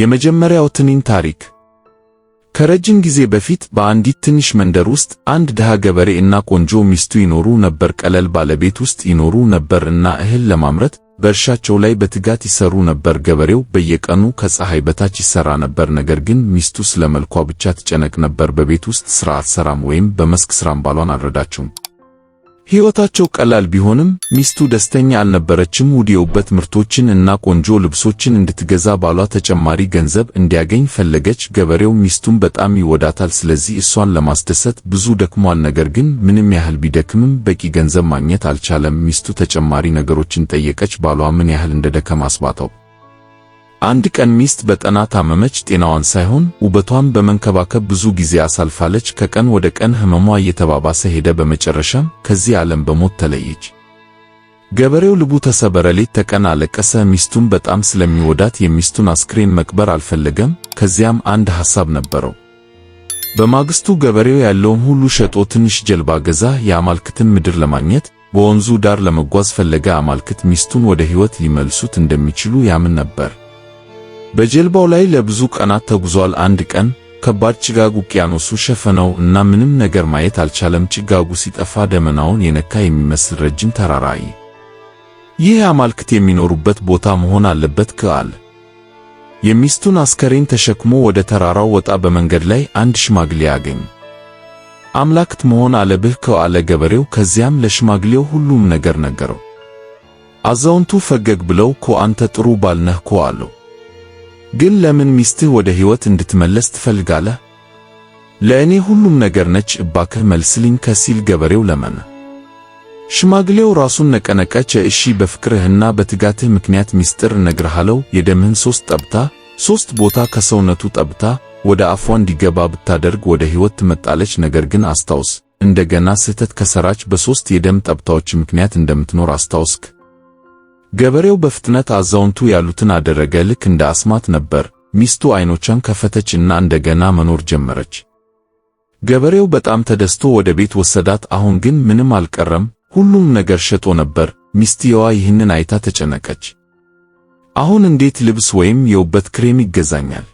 የመጀመሪያው ትንኝ ታሪክ። ከረጅም ጊዜ በፊት በአንዲት ትንሽ መንደር ውስጥ አንድ ድሃ ገበሬ እና ቆንጆ ሚስቱ ይኖሩ ነበር። ቀለል ባለቤት ውስጥ ይኖሩ ነበር እና እህል ለማምረት በእርሻቸው ላይ በትጋት ይሰሩ ነበር። ገበሬው በየቀኑ ከፀሐይ በታች ይሰራ ነበር፣ ነገር ግን ሚስቱ ስለ መልኳ ብቻ ትጨነቅ ነበር። በቤት ውስጥ ስራ አትሰራም ወይም በመስክ ስራም ባሏን አልረዳቸውም። ሕይወታቸው ቀላል ቢሆንም ሚስቱ ደስተኛ አልነበረችም። ውድ የውበት ምርቶችን እና ቆንጆ ልብሶችን እንድትገዛ ባሏ ተጨማሪ ገንዘብ እንዲያገኝ ፈለገች። ገበሬው ሚስቱን በጣም ይወዳታል፣ ስለዚህ እሷን ለማስደሰት ብዙ ደክሟል። ነገር ግን ምንም ያህል ቢደክምም በቂ ገንዘብ ማግኘት አልቻለም። ሚስቱ ተጨማሪ ነገሮችን ጠየቀች። ባሏ ምን ያህል እንደደከም አስባታው። አንድ ቀን ሚስት በጠና ታመመች። ጤናዋን ሳይሆን ውበቷን በመንከባከብ ብዙ ጊዜ አሳልፋለች። ከቀን ወደ ቀን ህመሟ እየተባባሰ ሄደ። በመጨረሻም ከዚህ ዓለም በሞት ተለየች። ገበሬው ልቡ ተሰበረ። ሌት ተቀን አለቀሰ። ሚስቱን በጣም ስለሚወዳት የሚስቱን አስክሬን መቅበር አልፈለገም። ከዚያም አንድ ሐሳብ ነበረው። በማግስቱ ገበሬው ያለውን ሁሉ ሸጦ ትንሽ ጀልባ ገዛ። የአማልክትን ምድር ለማግኘት በወንዙ ዳር ለመጓዝ ፈለገ። አማልክት ሚስቱን ወደ ሕይወት ሊመልሱት እንደሚችሉ ያምን ነበር። በጀልባው ላይ ለብዙ ቀናት ተጉዟል። አንድ ቀን ከባድ ጭጋግ ውቅያኖሱ ሸፈነው እና ምንም ነገር ማየት አልቻለም። ጭጋጉ ሲጠፋ ደመናውን የነካ የሚመስል ረጅም ተራራ አየ። ይህ አማልክት የሚኖሩበት ቦታ መሆን አለበት ከአለ። የሚስቱን አስከሬን ተሸክሞ ወደ ተራራው ወጣ። በመንገድ ላይ አንድ ሽማግሌ አገኝ። አምላክት መሆን አለብህ ከአለ ገበሬው። ከዚያም ለሽማግሌው ሁሉም ነገር ነገረው። አዛውንቱ ፈገግ ብለው ኮ አንተ ጥሩ ባልነህ ኮ አለው። ግን ለምን ሚስትህ ወደ ሕይወት እንድትመለስ ትፈልጋለህ? ለእኔ ሁሉም ነገር ነች፣ እባክህ መልስልኝ ከሲል ገበሬው ለመነ። ሽማግሌው ራሱን ነቀነቀች። እሺ በፍቅርህና በትጋትህ ምክንያት ሚስጥር እነግርሃለሁ። የደምህን ሦስት ጠብታ ሦስት ቦታ ከሰውነቱ ጠብታ ወደ አፏ እንዲገባ ብታደርግ ወደ ሕይወት ትመጣለች። ነገር ግን አስታውስ፣ እንደገና ስህተት ከሰራች በሦስት የደም ጠብታዎች ምክንያት እንደምትኖር አስታውስክ ገበሬው በፍጥነት አዛውንቱ ያሉትን አደረገ። ልክ እንደ አስማት ነበር። ሚስቱ አይኖቿን ከፈተች እና እንደገና መኖር ጀመረች። ገበሬው በጣም ተደስቶ ወደ ቤት ወሰዳት። አሁን ግን ምንም አልቀረም፣ ሁሉም ነገር ሸጦ ነበር። ሚስትየዋ ይህንን አይታ ተጨነቀች። አሁን እንዴት ልብስ ወይም የውበት ክሬም ይገዛኛል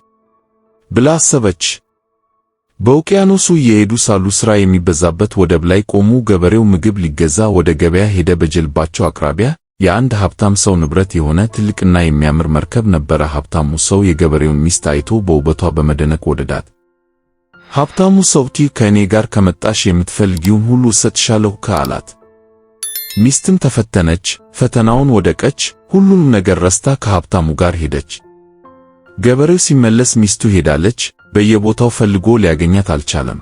ብላ አሰበች። በውቅያኖሱ እየሄዱ ሳሉ ሥራ የሚበዛበት ወደብ ላይ ቆሙ። ገበሬው ምግብ ሊገዛ ወደ ገበያ ሄደ። በጀልባቸው አቅራቢያ የአንድ ሀብታም ሰው ንብረት የሆነ ትልቅና የሚያምር መርከብ ነበረ። ሀብታሙ ሰው የገበሬውን ሚስት አይቶ በውበቷ በመደነቅ ወደዳት። ሀብታሙ ሰውቲ ከእኔ ጋር ከመጣሽ የምትፈልጊውን ሁሉ እሰጥሻለሁ ከአላት። ሚስትም ተፈተነች፣ ፈተናውን ወደቀች። ሁሉንም ነገር ረስታ ከሀብታሙ ጋር ሄደች። ገበሬው ሲመለስ ሚስቱ ሄዳለች። በየቦታው ፈልጎ ሊያገኛት አልቻለም።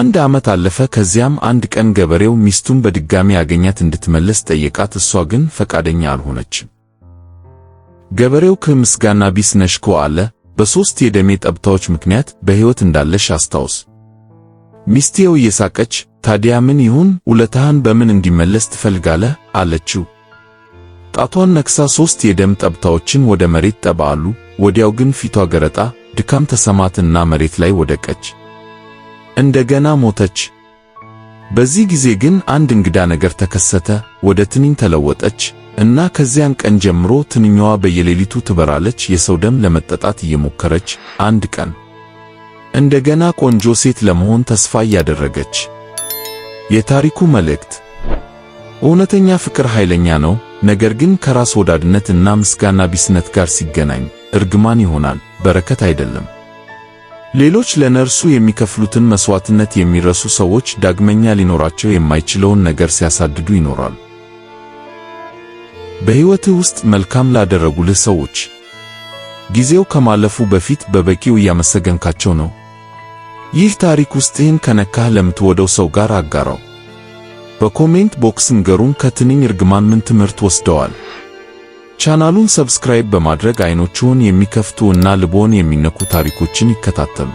አንድ ዓመት አለፈ። ከዚያም አንድ ቀን ገበሬው ሚስቱን በድጋሚ አገኛት እንድትመለስ ጠየቃት። እሷ ግን ፈቃደኛ አልሆነችም። ገበሬው ከምስጋና ቢስ ነሽኮ አለ። በሦስት የደሜ ጠብታዎች ምክንያት በሕይወት እንዳለሽ አስታውስ። ሚስቴው እየሳቀች ታዲያ ምን ይሁን ውለታህን በምን እንዲመለስ ትፈልጋለህ? አለችው። ጣቷን ነክሳ ሦስት የደም ጠብታዎችን ወደ መሬት ጠባሉ። ወዲያው ግን ፊቷ ገረጣ፣ ድካም ተሰማትና መሬት ላይ ወደቀች። እንደገና ሞተች። በዚህ ጊዜ ግን አንድ እንግዳ ነገር ተከሰተ። ወደ ትንኝ ተለወጠች እና ከዚያን ቀን ጀምሮ ትንኛዋ በየሌሊቱ ትበራለች፣ የሰው ደም ለመጠጣት እየሞከረች። አንድ ቀን እንደገና ቆንጆ ሴት ለመሆን ተስፋ እያደረገች። የታሪኩ መልእክት እውነተኛ ፍቅር ኃይለኛ ነው፣ ነገር ግን ከራስ ወዳድነት እና ምስጋና ቢስነት ጋር ሲገናኝ እርግማን ይሆናል፣ በረከት አይደለም። ሌሎች ለነርሱ የሚከፍሉትን መስዋዕትነት የሚረሱ ሰዎች ዳግመኛ ሊኖራቸው የማይችለውን ነገር ሲያሳድዱ ይኖራሉ። በሕይወትህ ውስጥ መልካም ላደረጉልህ ሰዎች ጊዜው ከማለፉ በፊት በበቂው እያመሰገንካቸው ነው። ይህ ታሪክ ውስጥህን ከነካህ ለምትወደው ሰው ጋር አጋራው። በኮሜንት ቦክስ ንገሩን ከትንኝ እርግማን ምን ትምህርት ወስደዋል? ቻናሉን ሰብስክራይብ በማድረግ አይኖችዎን የሚከፍቱ እና ልቦን የሚነኩ ታሪኮችን ይከታተሉ።